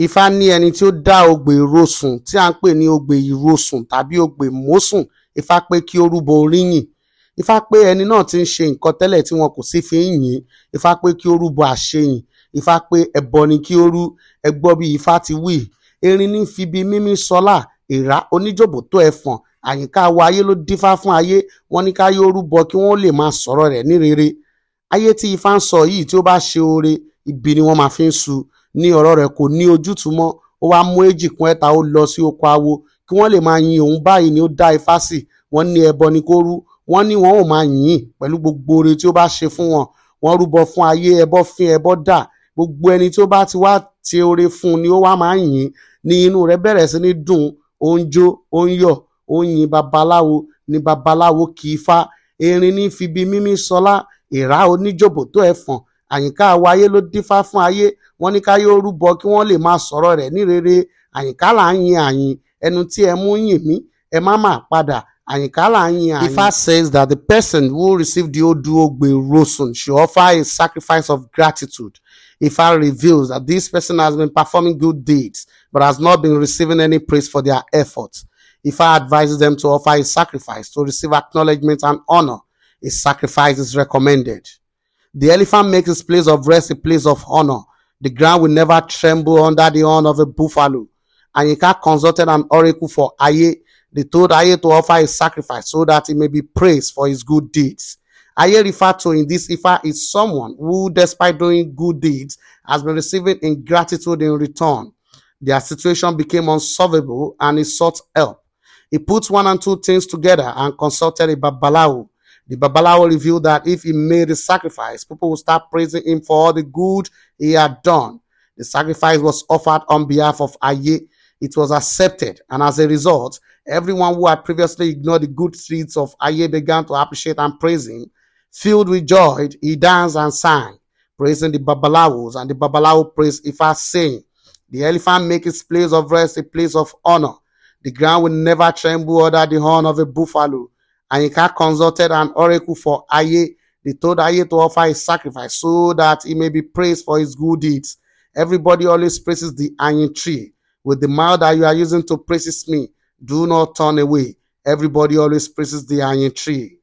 ifá ní ẹni tí ó dá ogbè ìrosùn tí à ń pè ní ogbè ìrosùn tàbí ogbè mọ́sùn ifá pé kí ó oríyìn ifá pé ẹni náà ti ń ṣe nǹkan tẹ́lẹ̀ tí wọn kò sì fi ń yìn ifá pé kí ó àṣeyìn ifá pé ẹbọ ni kí ó rú ẹgbọ́ bí ifá ti wí erin ní fi bí mímí sọlá ìrá oníjòbó tó ẹfọ̀n àyíká wa ayé ló dífá fún ayé wọn ní ká yóò rúbọ kí wọn ó lè máa sọ̀rọ̀ rẹ̀ ní rere ayé tí ifá ń sọ yìí tí ó bá ṣe oore ibi ni wọn máa fi ń su ni ọ̀rọ̀ rẹ̀ kò ní ojútùú mọ́ ó wá mú èjì kún ẹ̀ta ó lọ sí oko awo kí wọ́n lè máa yin òun báyìí ni ó dá ifá sí wọ́n ní ẹbọ ni kó rú wọ́n ní wọn ò máa yìn pẹ̀lú gbogbo oore tí ó bá ṣe fún wọn wọ́n rúbọ fún ayé ẹbọ fín ẹbọ dà gbogbo ẹni tí ó bá ti wá ti oore fún ni ó wá máa yìn ni inú rẹ̀ bẹ̀rẹ̀ sí ní dùn ó ń jó ó ń yọ̀ ó babaláwo ni babaláwo kì í fa erin ní fi bí mímí sọlá ìrá oníjòbó tó ẹ̀fọ̀n àyìnká wa ayé ló dífá fún ayé wọ́n ní káyé ó kí wọ́n lè máa sọ̀rọ̀ rẹ̀ ní rere àyìnká là ń yin àyìn ẹnu tí ẹ mú yìn mí ẹ má má padà àyìnká là ń yin àyìn. Ifá says that the person who received the Oduogbe rosun should offer a sacrifice of gratitude. Ifá reveals that this person has been performing good deeds but has not been receiving any praise for their efforts. Ifá advises them to offer a sacrifice to receive acknowledgement and honor. A sacrifice is recommended. The elephant makes his place of rest a place of honor. The ground will never tremble under the horn of a buffalo. And Yinka consulted an oracle for Aye. They told Aye to offer a sacrifice so that he may be praised for his good deeds. Aye referred to in this Ifa is someone who, despite doing good deeds, has been receiving ingratitude in return. Their situation became unsolvable and he sought help. He put one and two things together and consulted a Babalawo. The Babalawo revealed that if he made a sacrifice, people would start praising him for all the good he had done. The sacrifice was offered on behalf of Aye. It was accepted, and as a result, everyone who had previously ignored the good deeds of Aye began to appreciate and praise him. Filled with joy, he danced and sang, praising the Babalawos, and the Babalawo praised Ifa, saying, The elephant makes its place of rest a place of honor. The ground will never tremble under the horn of a buffalo. Anyika consulted an oracle for Aye. They told Aye to offer a sacrifice so that he may be praised for his good deeds. Everybody always praises the Ayin tree. With the mouth that you are using to praise me, do not turn away. Everybody always praises the Ayin tree.